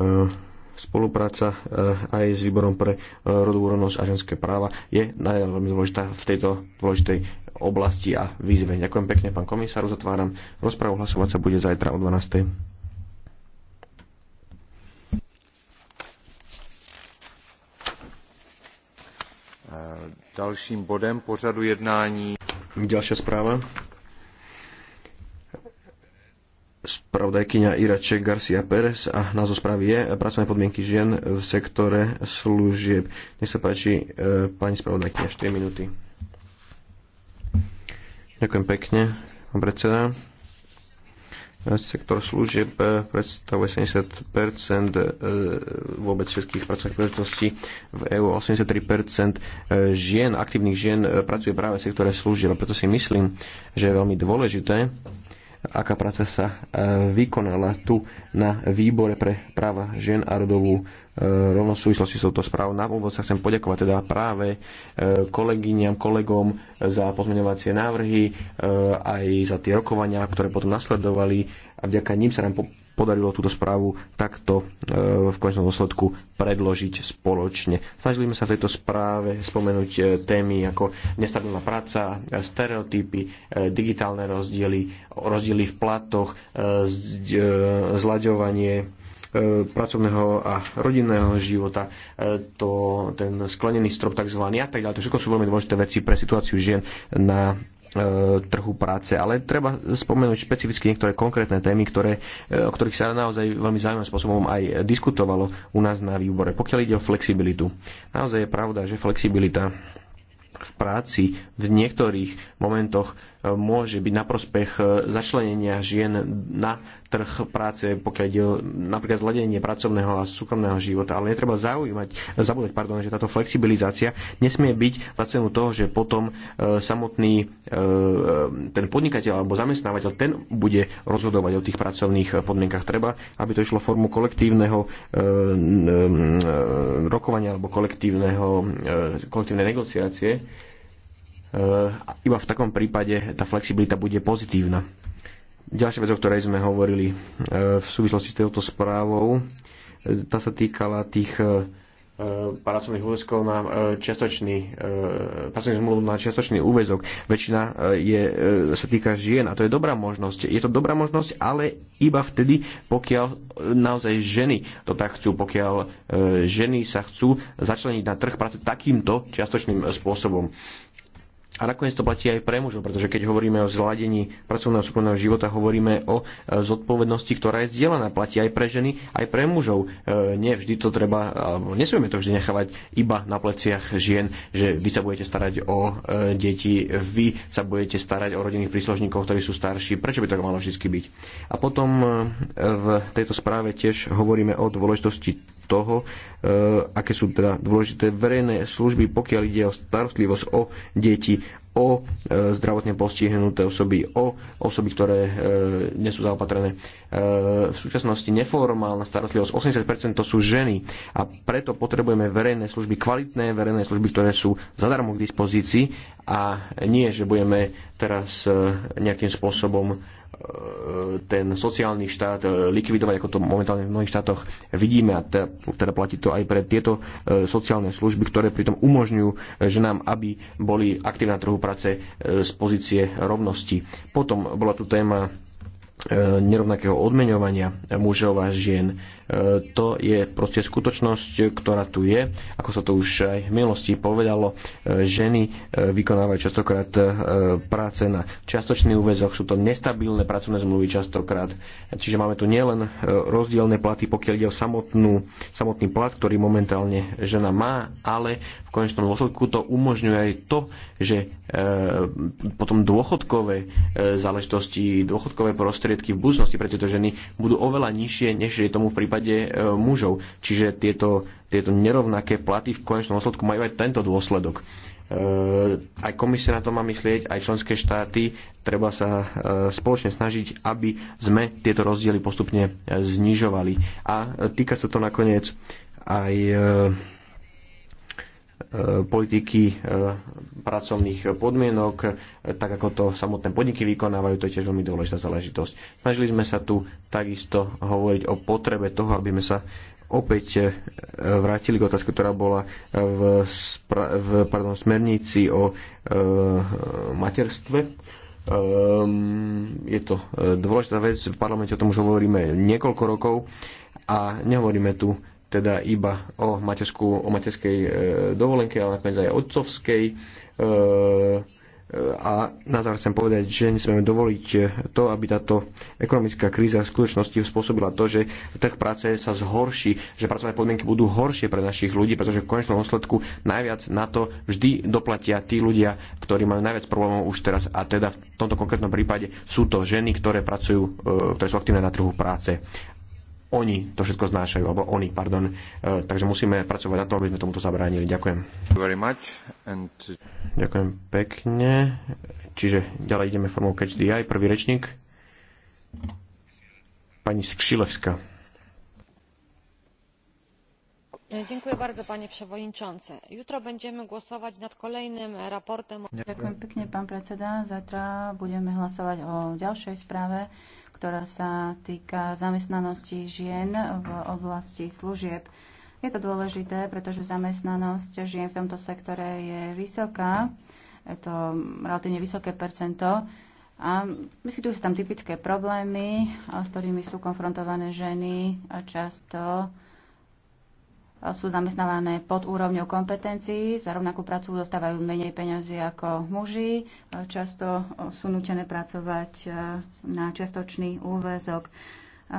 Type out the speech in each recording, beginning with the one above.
E, spolupráca e, aj s výborom pre e, rodovú rovnosť a ženské práva je veľmi dôležitá v tejto dôležitej oblasti a výzve. Ďakujem pekne, pán komisár, uzatváram Rozprávu hlasovať sa bude zajtra o 12. Dalším bodem pořadu jednání. Ďalšia správa spravodajkyňa Irače Garcia Pérez a na zo správy je pracovné podmienky žien v sektore služieb. Nech sa páči, e, pani spravodajkyňa, 4 minúty. Ďakujem pekne, pán predseda. E, sektor služieb e, predstavuje 70 e, vôbec všetkých pracovných príležitostí v EU. 83 žien, aktívnych žien pracuje práve v sektore služieb. A preto si myslím, že je veľmi dôležité, aká práca sa e, vykonala tu na výbore pre práva žien a rodovú e, rovnosť v súvislosti s touto správou. Na úvod sa chcem poďakovať teda práve e, kolegyňam, kolegom za pozmeňovacie návrhy, aj za tie rokovania, ktoré potom nasledovali a vďaka ním sa nám podarilo túto správu takto e, v konečnom dôsledku predložiť spoločne. Snažili sme sa v tejto správe spomenúť e, témy ako nestabilná práca, stereotypy, e, digitálne rozdiely, rozdiely v platoch, zlaďovanie pracovného a rodinného života, to, ten sklenený strop tzv. a tak ďalej. To všetko sú veľmi dôležité veci pre situáciu žien na E, trhu práce. Ale treba spomenúť špecificky niektoré konkrétne témy, ktoré, e, o ktorých sa naozaj veľmi zaujímavým spôsobom aj diskutovalo u nás na výbore. Pokiaľ ide o flexibilitu. Naozaj je pravda, že flexibilita v práci v niektorých momentoch môže byť na prospech e, začlenenia žien na trh práce, pokiaľ ide napríklad zladenie pracovného a súkromného života. Ale netreba zaujímať, zabúdať, pardon, že táto flexibilizácia nesmie byť za cenu toho, že potom e, samotný e, ten podnikateľ alebo zamestnávateľ, ten bude rozhodovať o tých pracovných podmienkach. Treba, aby to išlo formu kolektívneho rokovania alebo kolektívneho, kolektívnej negociácie E, iba v takom prípade tá flexibilita bude pozitívna. Ďalšia vec, o ktorej sme hovorili e, v súvislosti s touto správou, e, tá sa týkala tých pracovných úväzkov na čiastočný, pracovných zmluv na čiastočný úväzok. Väčšina je, sa týka žien a to je dobrá možnosť. Je to dobrá možnosť, ale iba vtedy, pokiaľ naozaj ženy to tak chcú, pokiaľ ženy sa chcú začleniť na trh práce takýmto čiastočným spôsobom. A nakoniec to platí aj pre mužov, pretože keď hovoríme o zladení pracovného súkromného života, hovoríme o e, zodpovednosti, ktorá je zdieľaná. Platí aj pre ženy, aj pre mužov. E, nie vždy to treba, alebo nesmieme to vždy nechávať iba na pleciach žien, že vy sa budete starať o e, deti, vy sa budete starať o rodinných príslušníkov, ktorí sú starší. Prečo by to malo vždy byť? A potom v tejto správe tiež hovoríme o dôležitosti toho, e, aké sú teda dôležité verejné služby, pokiaľ ide o starostlivosť o deti, o e, zdravotne postihnuté osoby, o osoby, ktoré e, nie sú zaopatrené. V súčasnosti neformálna starostlivosť 80% to sú ženy a preto potrebujeme verejné služby, kvalitné verejné služby, ktoré sú zadarmo k dispozícii a nie, že budeme teraz nejakým spôsobom E, ten sociálny štát e, likvidovať, ako to momentálne v mnohých štátoch vidíme a teda, teda platí to aj pre tieto e, sociálne služby, ktoré pritom umožňujú ženám, aby boli aktívne na trhu práce z pozície rovnosti. Potom bola tu téma nerovnakého odmeňovania mužov a žien. E, to je proste skutočnosť, ktorá tu je. Ako sa to už aj v minulosti povedalo, e, ženy e, vykonávajú častokrát práce na čiastočný úvezok, sú to nestabilné pracovné zmluvy častokrát. Čiže máme tu nielen rozdielne platy, pokiaľ ide o samotnú, samotný plat, ktorý momentálne žena má, ale v konečnom dôsledku to umožňuje aj to, že potom dôchodkové záležitosti, dôchodkové prostriedky v budúcnosti pre tieto ženy budú oveľa nižšie, než je tomu v prípade prípade e, mužov. Čiže tieto, tieto nerovnaké platy v konečnom dôsledku majú aj tento dôsledok. E, aj komisia na to má myslieť, aj členské štáty. Treba sa e, spoločne snažiť, aby sme tieto rozdiely postupne znižovali. A týka sa to nakoniec aj Eh, politiky eh, pracovných podmienok, eh, tak ako to samotné podniky vykonávajú, to je tiež veľmi dôležitá záležitosť. Snažili sme sa tu takisto hovoriť o potrebe toho, aby sme sa opäť vrátili k otázke, ktorá bola v, v pardon, smernici o e, materstve. Um, je to dôležitá vec, v parlamente o tom už hovoríme niekoľko rokov a nehovoríme tu teda iba o, materskú, o materskej e, dovolenke, ale nakoniec aj otcovskej. E, e, a na záver chcem povedať, že nesmieme dovoliť to, aby táto ekonomická kríza v skutočnosti spôsobila to, že trh práce sa zhorší, že pracovné podmienky budú horšie pre našich ľudí, pretože v konečnom dôsledku najviac na to vždy doplatia tí ľudia, ktorí majú najviac problémov už teraz. A teda v tomto konkrétnom prípade sú to ženy, ktoré pracujú, e, ktoré sú aktívne na trhu práce oni to všetko znášajú, alebo oni, pardon. E, takže musíme pracovať na tom, aby sme tomuto zabránili. Ďakujem. Very much and... Ďakujem pekne. Čiže ďalej ideme formou Catch the Eye. Prvý rečník. Pani Skšilevská. E, dziękuję bardzo, panie przewodniczący. Jutro będziemy głosować nad kolejnym raportem. Dziękuję pięknie, pan prezydent. Zatra będziemy głosować o dalszej sprawie ktorá sa týka zamestnanosti žien v oblasti služieb. Je to dôležité, pretože zamestnanosť žien v tomto sektore je vysoká, je to relatívne vysoké percento a vyskytujú sa tam typické problémy, s ktorými sú konfrontované ženy a často sú zamestnávané pod úrovňou kompetencií, za rovnakú prácu dostávajú menej peňazí ako muži, často sú nutené pracovať e, na čiastočný úväzok.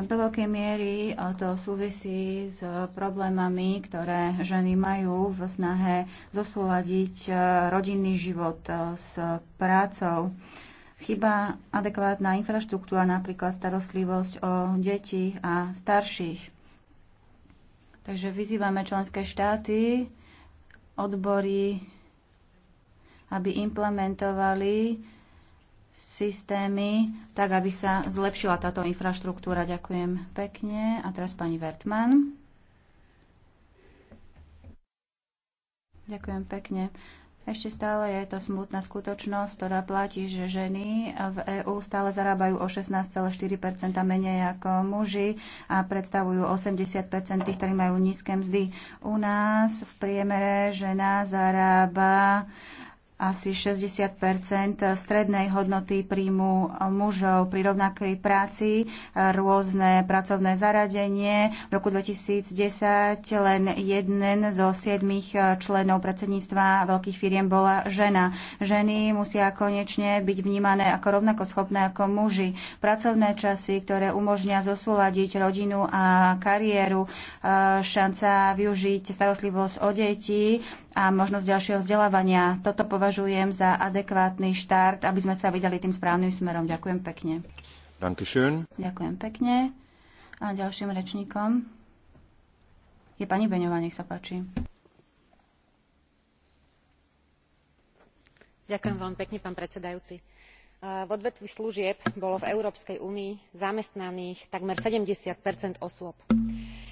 Do veľkej miery e, to súvisí s problémami, ktoré ženy majú v snahe zosúľadiť e, rodinný život s prácou. Chyba adekvátna infraštruktúra, napríklad starostlivosť o deti a starších Takže vyzývame členské štáty, odbory, aby implementovali systémy, tak aby sa zlepšila táto infraštruktúra. Ďakujem pekne. A teraz pani Vertman. Ďakujem pekne. Ešte stále je to smutná skutočnosť, ktorá platí, že ženy v EÚ stále zarábajú o 16,4 menej ako muži a predstavujú 80 tých, ktorí majú nízke mzdy. U nás v priemere žena zarába asi 60 strednej hodnoty príjmu mužov pri rovnakej práci, rôzne pracovné zaradenie. V roku 2010 len jeden zo siedmých členov predsedníctva veľkých firiem bola žena. Ženy musia konečne byť vnímané ako rovnako schopné ako muži. Pracovné časy, ktoré umožňa zosúľadiť rodinu a kariéru, eh, šanca využiť starostlivosť o deti, a možnosť ďalšieho vzdelávania. Toto považujem za adekvátny štart, aby sme sa vydali tým správnym smerom. Ďakujem pekne. Dankeschön. Ďakujem pekne. A ďalším rečníkom je pani Beňová, nech sa páči. Ďakujem veľmi pekne, pán predsedajúci. V odvetvi služieb bolo v Európskej únii zamestnaných takmer 70 osôb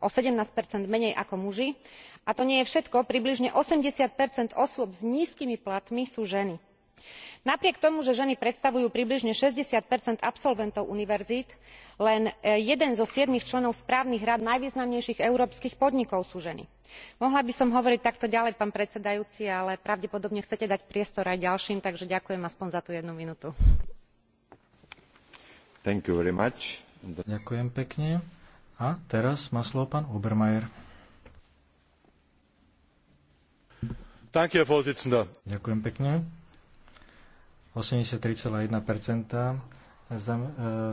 o seventeen menej ako muži a to nie je všetko približne eighty osôb s nízkymi platmi sú ženy. napriek tomu že ženy predstavujú približne sixty absolventov univerzít len e, jeden zo siedmich členov správnych rád najvýznamnejších európskych podnikov sú ženy. mohla by som hovoriť takto ďalej pán predsedajúci ale pravdepodobne chcete dať priestor aj ďalším takže ďakujem aspoň za tú jednu minútu. A teraz má slovo pán Obermajer. Ďakujem pekne. 83,1 e,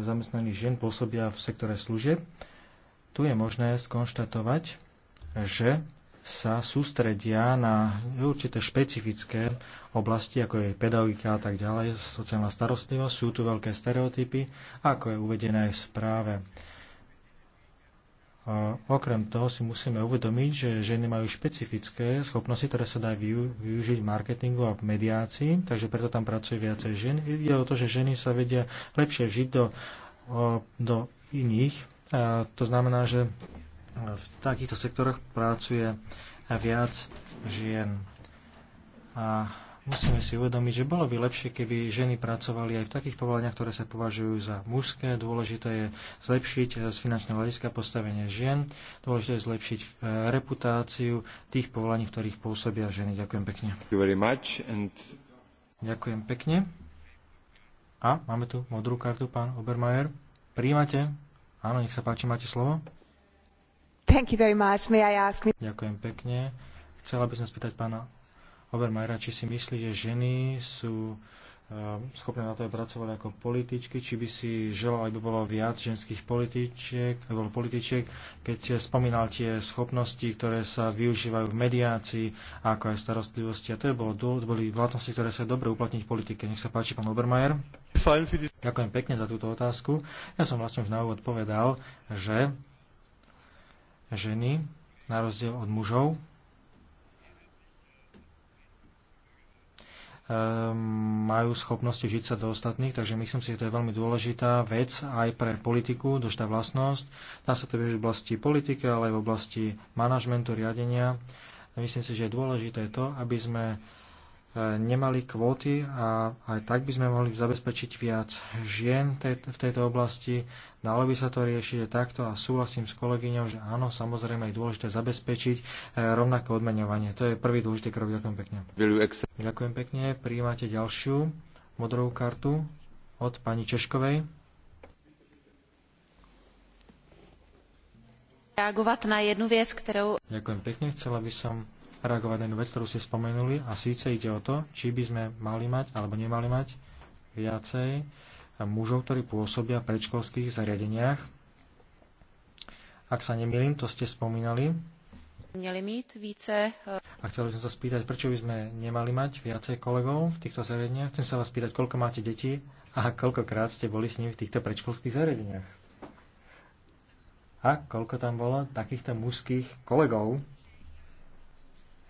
zamestnaných žien pôsobia v sektore služieb. Tu je možné skonštatovať, že sa sústredia na určité špecifické oblasti, ako je pedagogika a tak ďalej, sociálna starostlivosť, sú tu veľké stereotypy, ako je uvedené aj v správe. A okrem toho si musíme uvedomiť, že ženy majú špecifické schopnosti, ktoré sa dajú využiť v marketingu a v mediácii, takže preto tam pracuje viacej žien. Ide o to, že ženy sa vedia lepšie vžiť do, do iných. A to znamená, že v takýchto sektoroch pracuje viac žien. A Musíme si uvedomiť, že bolo by lepšie, keby ženy pracovali aj v takých povolaniach, ktoré sa považujú za mužské. Dôležité je zlepšiť eh, z finančného hľadiska postavenie žien. Dôležité je zlepšiť eh, reputáciu tých povolaní, v ktorých pôsobia ženy. Ďakujem pekne. Ďakujem pekne. A máme tu modrú kartu, pán Obermajer. Príjmate? Áno, nech sa páči, máte slovo. Thank you very much. May I ask... Ďakujem pekne. Chcela by som spýtať pána Majra, či si myslí, že ženy sú eh, schopné na to aj pracovať ako političky, či by si želal, aby bolo viac ženských političiek, aby bolo političiek, keď spomínal tie schopnosti, ktoré sa využívajú v mediácii, ako aj starostlivosti. A to, je bolo, to boli vlastnosti, ktoré sa dobre uplatniť v politike. Nech sa páči, pán Obermajer. Ďakujem pekne za túto otázku. Ja som vlastne už na úvod povedal, že ženy, na rozdiel od mužov, Ehm, majú schopnosti žiť sa do ostatných, takže myslím si, že to je veľmi dôležitá vec aj pre politiku, dožitá vlastnosť. Dá sa to v oblasti politiky, ale aj v oblasti manažmentu, riadenia. myslím si, že je dôležité to, aby sme nemali kvóty a aj tak by sme mohli zabezpečiť viac žien v tejto oblasti. Dalo by sa to riešiť aj takto a súhlasím s kolegyňou, že áno, samozrejme je dôležité zabezpečiť eh, rovnaké odmeňovanie. To je prvý dôležitý krok. Ďakujem pekne. Ďakujem pekne. Prijímate ďalšiu modrú kartu od pani Češkovej. Reagovať na jednu vec, ktorou... Ďakujem pekne. Chcela by som reagovať na jednu vec, ktorú ste spomenuli, a síce ide o to, či by sme mali mať alebo nemali mať viacej mužov, ktorí pôsobia v predškolských zariadeniach. Ak sa nemýlim, to ste spomínali. Eh, a chcel by som sa spýtať, prečo by sme nemali mať viacej kolegov v týchto zariadeniach? Chcem sa vás spýtať, koľko máte detí a koľkokrát ste boli s nimi v týchto predškolských zariadeniach? A koľko tam bolo takýchto mužských kolegov?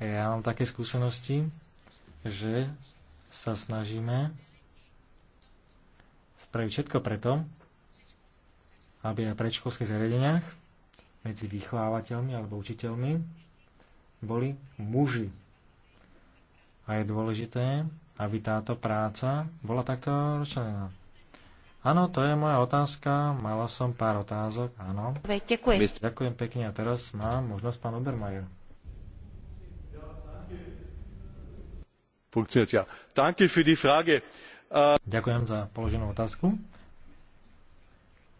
Ja mám také skúsenosti, že sa snažíme spraviť všetko preto, aby aj predškolských zariadeniach medzi vychovávateľmi alebo učiteľmi boli muži. A je dôležité, aby táto práca bola takto rozčlenená. Áno, to je moja otázka. Mala som pár otázok, áno. Ďakujem. Ďakujem pekne a teraz mám možnosť pán Obermajer. funktioniert. Ja. Danke für die Frage. Äh, Ďakujem za položenú otázku.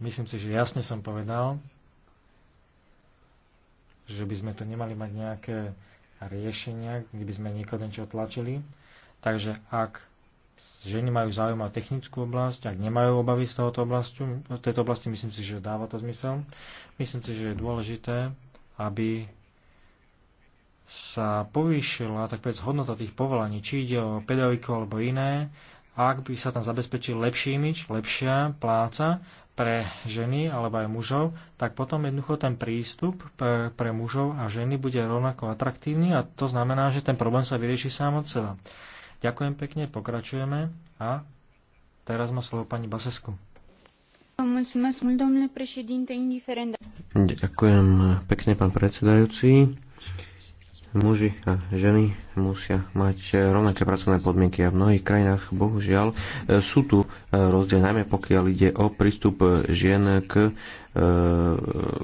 Myslím si, že jasne som povedal, že by sme tu nemali mať nejaké riešenia, kde by sme niekoho niečo tlačili. Takže ak ženy majú záujem o technickú oblasť, ak nemajú obavy z tohoto oblasti, tejto oblasti, myslím si, že dáva to zmysel. Myslím si, že je dôležité, aby sa povýšila tak povedz hodnota tých povolaní, či ide o pedagogiku alebo iné, ak by sa tam zabezpečil lepší imič, lepšia pláca pre ženy alebo aj mužov, tak potom jednoducho ten prístup pre mužov a ženy bude rovnako atraktívny a to znamená, že ten problém sa vyrieši sám od seba. Ďakujem pekne, pokračujeme a teraz má slovo pani Basesku. Ďakujem pekne, pán predsedajúci muži a ženy musia mať eh, rovnaké pracovné podmienky a v mnohých krajinách bohužiaľ eh, sú tu eh, rozdiel, najmä pokiaľ ide o prístup žien k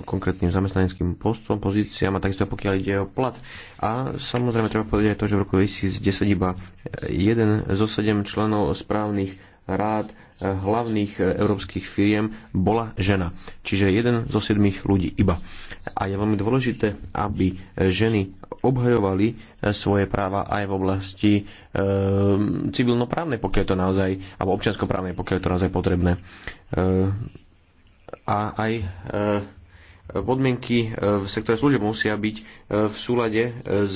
konkrétnym zamestnaneckým postom, pozíciám a takisto pokiaľ ide o plat. A samozrejme treba povedať aj to, že v roku 2010 iba jeden zo sedem členov správnych rád hlavných eh, európskych firiem bola žena. Čiže jeden zo siedmých ľudí iba. A je veľmi dôležité, aby eh, ženy obhajovali eh, svoje práva aj v oblasti e, civilnoprávnej, pokiaľ to naozaj, alebo občianskoprávnej, pokiaľ je to naozaj potrebné. E, a aj e, podmienky v sektore služieb musia byť v súlade s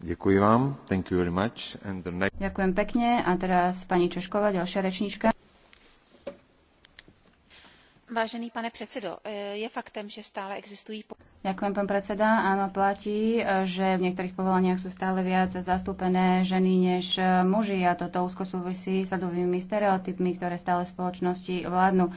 Next... Ďakujem pekne. A teraz pani Češková, ďalšia rečníčka. Vážený pane predsedo, e, je faktem, že stále existují... Ďakujem, pán predseda. Áno, platí, e, že v niektorých povolaniach sú stále viac zastúpené ženy než e, muži a toto úzko súvisí s rodovými stereotypmi, ktoré stále v spoločnosti vládnu.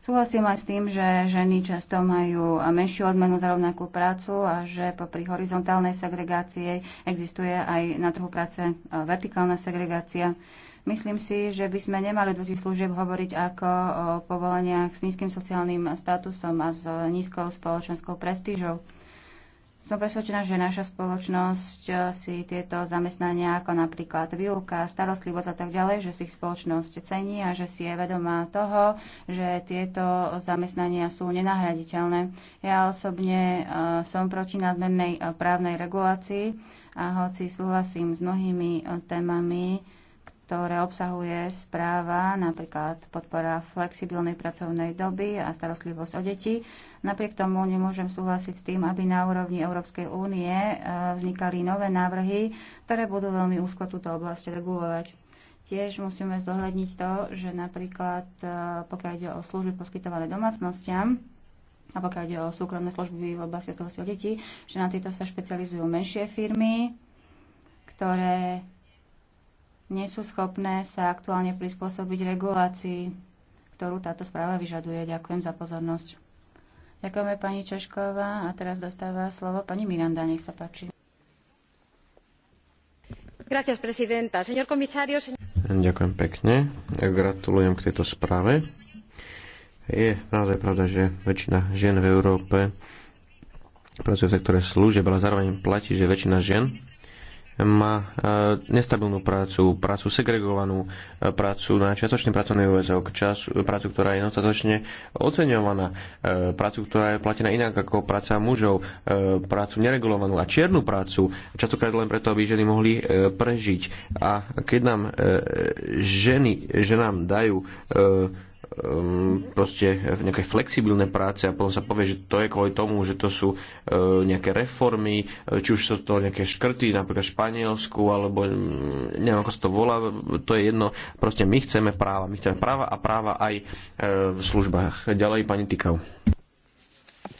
Súhlasím aj s tým, že ženy často majú menšiu odmenu za rovnakú prácu a že popri horizontálnej segregácii existuje aj na trhu práce e, vertikálna segregácia. Myslím si, že by sme nemali do tých služieb hovoriť ako o povoleniach s nízkym sociálnym statusom a s nízkou spoločenskou prestížou. Som presvedčená, že naša spoločnosť eh, si tieto zamestnania ako napríklad výuka, starostlivosť a tak ďalej, že si ich spoločnosť cení a že si je vedomá toho, že tieto zamestnania sú nenahraditeľné. Ja osobne eh, som proti nadmernej eh, právnej regulácii a hoci súhlasím s mnohými témami, ktoré obsahuje správa, napríklad podpora flexibilnej pracovnej doby a starostlivosť o deti. Napriek tomu nemôžem súhlasiť s tým, aby na úrovni Európskej únie e, vznikali nové návrhy, ktoré budú veľmi úzko túto oblasť regulovať. Tiež musíme zohľadniť to, že napríklad e, pokiaľ ide o služby poskytované domácnostiam, a pokiaľ ide o súkromné služby v oblasti starostlivosti o deti, že na tieto sa špecializujú menšie firmy, ktoré nie sú schopné sa aktuálne prispôsobiť regulácii, ktorú táto správa vyžaduje. Ďakujem za pozornosť. Ďakujeme pani Češková a teraz dostáva slovo pani Miranda. Nech sa páči. Gracias, Señor señor... Ďakujem pekne. Ja gratulujem k tejto správe. Je naozaj pravda, že väčšina žien v Európe pracuje v sektore služieb, ale zároveň platí, že väčšina žien má e, nestabilnú prácu, prácu segregovanú, e, prácu na čiastočný pracovný úvezok, prácu, ktorá je dostatočne oceňovaná, e, prácu, ktorá je platená inak ako práca mužov, prácu neregulovanú a čiernu prácu, častokrát len preto, aby ženy mohli prežiť. A keď nám ženy, ženám dajú Ehm, proste v nejaké flexibilnej práce a potom sa povie, že to je kvôli tomu, že to sú e, nejaké reformy, e, či už sú to nejaké škrty, napríklad Španielsku, alebo mm, neviem, ako sa to volá, to je jedno. Proste my chceme práva, my chceme práva a práva aj e, v službách. Ďalej pani Tikau.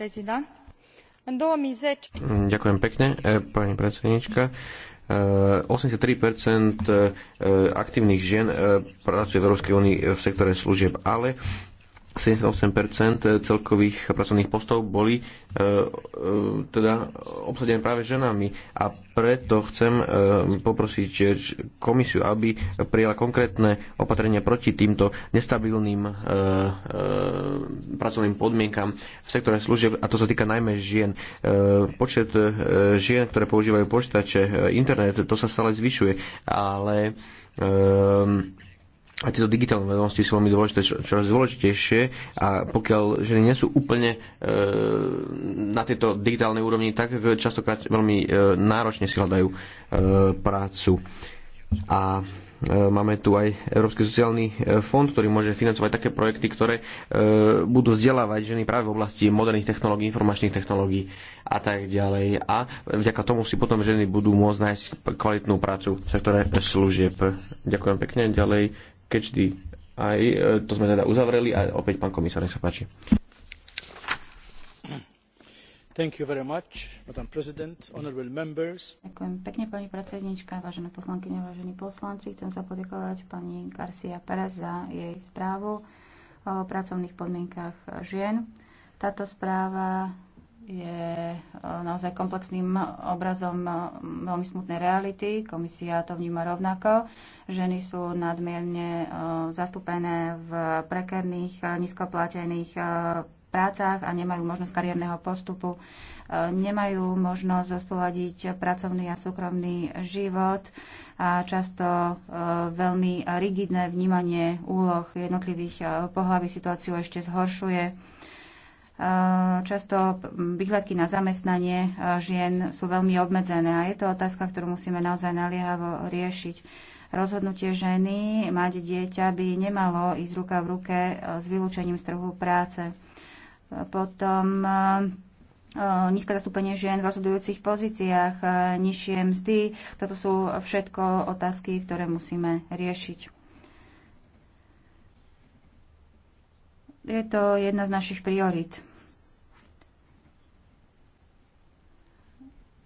Prezident. Ďakujem pekne, pani predsednička. 83% eh, eh, aktívnych žien eh, pracuje v Európskej únii v sektore služieb, ale 78% eh, celkových pracovných postov boli e, e, teda obsadené práve ženami a preto chcem e, poprosiť komisiu, aby prijala konkrétne opatrenia proti týmto nestabilným e, e, pracovným podmienkam v sektore služieb a to sa týka najmä žien. E, počet e, žien, ktoré používajú počítače, e, internet, to sa stále zvyšuje, ale e, a tieto digitálne vedomosti sú veľmi dôležité, čoraz dôležitejšie a pokiaľ ženy nie sú úplne e, na tejto digitálnej úrovni, tak častokrát veľmi e, náročne si hľadajú e, prácu. A e, Máme tu aj Európsky sociálny e, fond, ktorý môže financovať také projekty, ktoré e, budú vzdelávať ženy práve v oblasti moderných technológií, informačných technológií a tak ďalej. A vďaka tomu si potom ženy budú môcť nájsť kvalitnú prácu v sektore služieb. Ďakujem pekne. Ďalej Catch aj e, To sme teda uzavreli a opäť pán komisár, nech sa páči. Thank you very much, Madam President, honorable members. Ďakujem pekne, pani predsednička, vážené poslankyne, vážení poslanci. Chcem sa poďakovať pani Garcia Perez za jej správu o pracovných podmienkach žien. Táto správa je eh, naozaj komplexným obrazom eh, veľmi smutnej reality. Komisia to vníma rovnako. Ženy sú nadmierne eh, zastúpené v prekerných, nízkoplatených prácach a nemajú možnosť kariérneho postupu, nemajú možnosť zosúľadiť pracovný a súkromný život a často veľmi rigidné vnímanie úloh jednotlivých pohlaví situáciu ešte zhoršuje Často výhľadky na zamestnanie e, žien sú veľmi obmedzené a je to otázka, ktorú musíme naozaj naliehavo riešiť. Rozhodnutie ženy mať dieťa by nemalo ísť ruka v ruke e, s vylúčením z trhu práce. Potom e, nízke zastúpenie žien v rozhodujúcich pozíciách, nižšie mzdy. Toto sú všetko otázky, ktoré musíme riešiť. Je to jedna z našich priorit.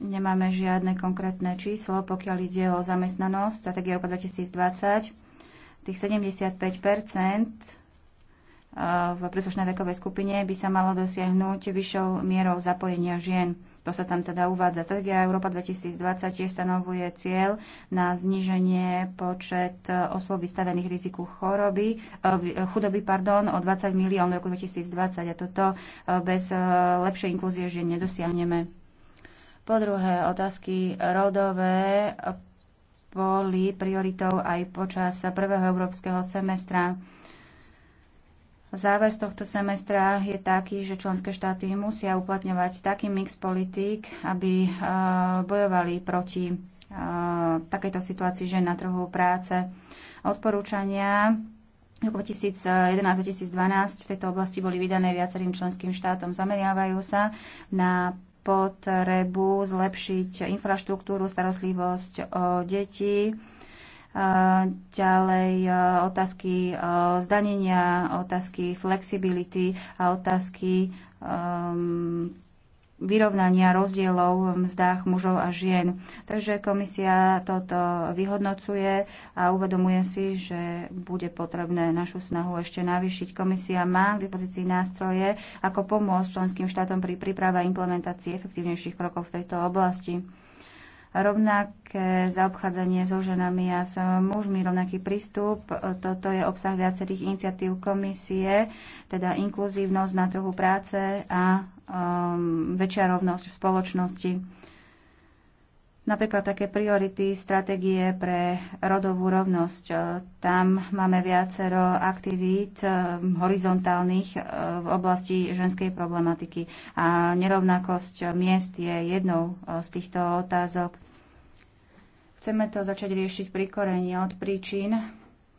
Nemáme žiadne konkrétne číslo, pokiaľ ide o zamestnanosť, stratégia roku 2020. Tých 75 v príslušnej vekovej skupine by sa malo dosiahnuť vyššou mierou zapojenia žien. To sa tam teda uvádza. Stratégia Európa 2020 tiež stanovuje cieľ na zníženie počet osôb vystavených riziku choroby, e, e, chudoby pardon, o 20 milión v roku 2020 a toto e, bez lepšej inklúzie žien nedosiahneme. Po druhé, otázky rodové boli prioritou aj počas prvého európskeho semestra. Záver z tohto semestra je taký, že členské štáty musia uplatňovať taký mix politík, aby e, bojovali proti e, takejto situácii žen na trhu práce. Odporúčania 2011-2012 v tejto oblasti boli vydané viacerým členským štátom. Zameriavajú sa na potrebu zlepšiť infraštruktúru, starostlivosť o deti, ďalej otázky zdanenia, otázky flexibility a otázky um, vyrovnania rozdielov v mzdách mužov a žien. Takže komisia toto vyhodnocuje a uvedomuje si, že bude potrebné našu snahu ešte navýšiť. Komisia má k dispozícii nástroje, ako pomôcť členským štátom pri príprave a implementácii efektívnejších krokov v tejto oblasti rovnaké zaobchádzanie so ženami a s mužmi, rovnaký prístup. Toto je obsah viacerých iniciatív komisie, teda inkluzívnosť na trhu práce a um, väčšia rovnosť v spoločnosti. Napríklad také priority, stratégie pre rodovú rovnosť. E, tam máme viacero aktivít e, horizontálnych e, v oblasti ženskej problematiky. A nerovnakosť miest je jednou z týchto otázok. Chceme to začať riešiť pri korení od príčin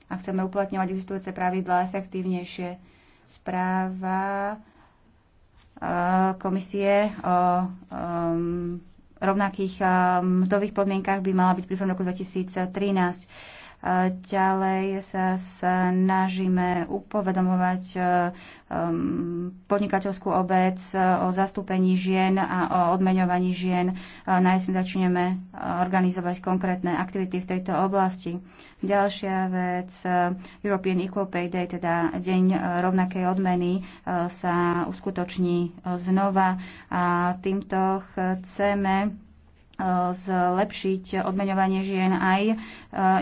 a chceme uplatňovať existujúce pravidlá efektívnejšie. Správa komisie o um, rovnakých eh, mzdových podmienkach by mala byť pri roku 2013. Ďalej sa snažíme upovedomovať eh, podnikateľskú obec eh, o zastúpení žien a o odmeňovaní žien. Na začneme eh, organizovať konkrétne aktivity v tejto oblasti. Ďalšia vec, European Equal Pay Day, teda deň rovnakej odmeny, sa uskutoční znova a týmto chceme zlepšiť odmeňovanie žien aj e,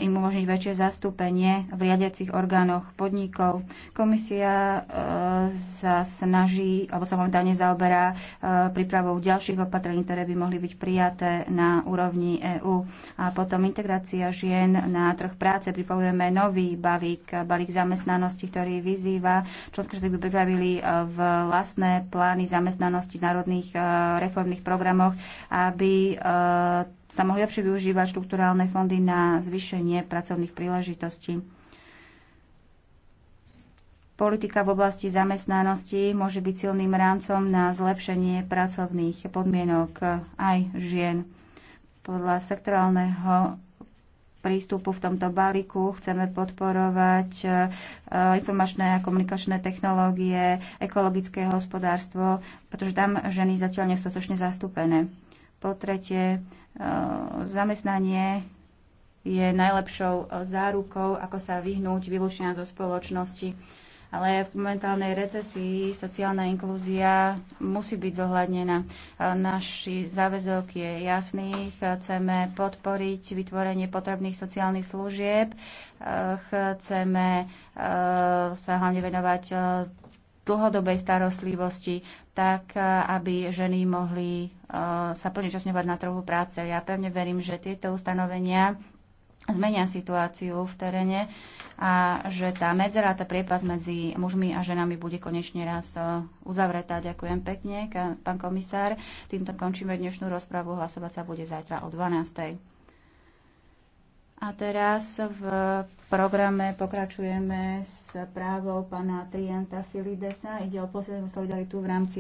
im umožniť väčšie zastúpenie v riadiacich orgánoch podnikov. Komisia e, sa snaží, alebo sa momentálne zaoberá e, prípravou ďalších opatrení, ktoré by mohli byť prijaté na úrovni EÚ. A potom integrácia žien na trh práce. Pripravujeme nový balík, balík zamestnanosti, ktorý vyzýva členské štáty by pripravili vlastné plány zamestnanosti v národných reformných programoch, aby sa mohli lepšie využívať štruktúrálne fondy na zvýšenie pracovných príležitostí. Politika v oblasti zamestnanosti môže byť silným rámcom na zlepšenie pracovných podmienok aj žien. Podľa sektorálneho prístupu v tomto balíku. Chceme podporovať e, informačné a komunikačné technológie, ekologické hospodárstvo, pretože tam ženy zatiaľ nie sú zastúpené. Po tretie, e, zamestnanie je najlepšou zárukou, ako sa vyhnúť vylúčenia zo spoločnosti. Ale v momentálnej recesii sociálna inklúzia musí byť zohľadnená. E, Náš záväzok je jasný. Chceme podporiť vytvorenie potrebných sociálnych služieb. E, chceme sa hlavne venovať dlhodobej starostlivosti tak eh, aby ženy mohli eh, sa plne časňovať na trhu práce. Ja pevne verím, že tieto ustanovenia zmenia situáciu v teréne a že tá medzera, tá priepas medzi mužmi a ženami bude konečne raz eh, uzavretá. Ďakujem pekne, pán komisár. Týmto končíme dnešnú rozpravu. Hlasovať sa bude zajtra o 12. A teraz v programe pokračujeme s právou pána Trienta Filidesa. Ide o poslednú solidaritu v rámci